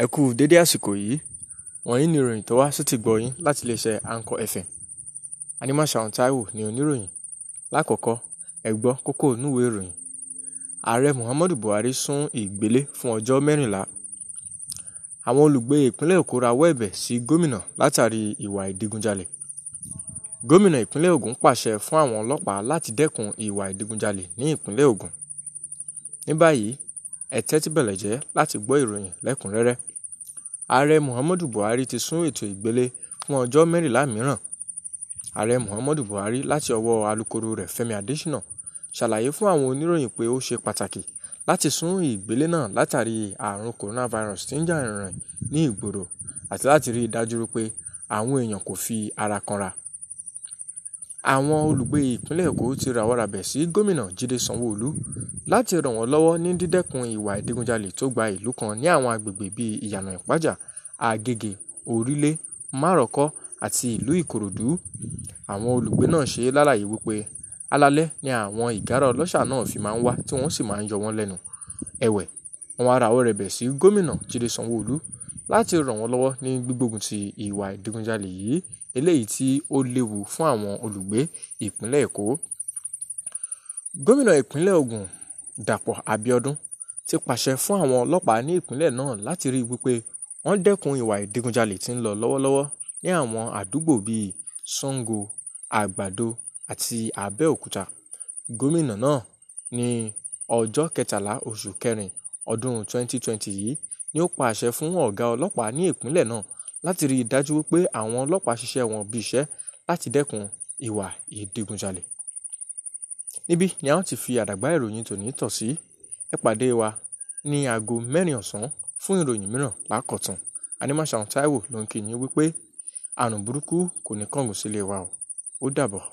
Ẹ kú dédé àsìkò yìí. Wọ̀nyí ni ìròyìn tó wá sétí gbọ́ yín láti iléeṣẹ́ Anchor FM. Animashaun Taiwo ni oníròyìn. Lákọ̀ọ́kọ́, ẹ gbọ́ kókó inú ìwé ìròyìn. Ààrẹ Muhammadu Buhari sún ìgbélé fún ọjọ́ mẹ́rìnlá. Àwọn olùgbé ìpínlẹ̀ Èkó rawọ́ ẹ̀bẹ̀ sí gómìnà látàrí ìwà ìdigunjalè. Gómìnà ìpínlẹ̀ Ògùn pàṣẹ fún àwọn ọlọ́pàá láti dẹ́kun ìwà ìdigunjalè ní ìpínlẹ̀ Ògùn. Ní báyìí, Ẹ tẹ́tí bẹ̀lẹ̀jẹ́ láti gbọ́ ìròyìn lẹ́kùnrẹ́rẹ́. Ààrẹ Muhammadu Buhari ti sún ètò ìgbélé fún ọjọ́ mẹ́rìnlá míràn. Ààrẹ Muhammadu Buhari láti ọwọ́ alukoro rẹ̀ Fẹ́mi Adésínà ṣàlàyé fún àwọn oníròyìn pé ó ṣe pàtàkì láti sún ìgbélé náà látàrí ààrùn coronavirus tí ń jà rìnrìn ní ìgboro àti láti rí i dájú pé àwọn èèyàn kò fi ara kanra àwọn olùgbé ìpínlẹ̀ èkó ti rawọ́ rabẹ̀ sí gómìnà jíde sanwó-olu láti ràn wọ́n lọ́wọ́ ní dídẹ́kun ìwà ìdigunjalè tó gba ìlú kan ní àwọn agbègbè bíi ìyànà ìpájà àgègè òrílé márosẹ̀ àti ìlú ìkòròdú àwọn olùgbé náà ṣe lálàyé wípé alaalẹ́ ni àwọn ìgárá ọlọ́ṣà náà fi máa ń wá tí wọ́n sì máa ń yọ wọ́n lẹ́nu ẹ̀wẹ̀ wọn wá rawọ́ rẹ̀bẹ̀ sí gómìnà jíde sanwó-olu láti ràn wọ́n lọ́wọ́ ní gbígbógun ti ìwà ìdigunjalè yìí eléyìí tí ó léwu fún àwọn olùgbé ìpínlẹ̀ Èkó. Gómìnà ìpínlẹ̀ Ògùn Dàpọ̀ Abiodun ti pàṣẹ fún àwọn ọlọ́pàá ní ìpínlẹ̀ náà láti ríi wípé wọ́n dẹ́kun ìwà ìdigunjalè tí ń lọ lọ́wọ́lọ́wọ́ ní àwọn àdúgbò bíi Sango, Àgbàdo àti Abẹ́òkúta. Gómìnà náà ní ọjọ́ kẹtàlá oṣù kẹrin ọdún 2020 yìí ni ó pa àṣẹ fún ọ̀gá ọlọ́pàá ní ìpínlẹ̀ náà láti rí i dájú wípé àwọn ọlọ́pàá ṣiṣẹ́ wọn bí iṣẹ́ láti dẹ́kun ìwà ìdigunjalè. Níbí ni a ó ti fi àdàgbà ìròyìn tòní tọ̀ sí. Ẹ pàdé wa ní aago mẹ́rin ọ̀sán fún ìròyìn mìíràn lákọ̀tun. Anímáṣàhùn Táíwò ló ń kí yín wípé àrùn burúkú kò ní kángun sílé wa o. Ó dàbọ̀.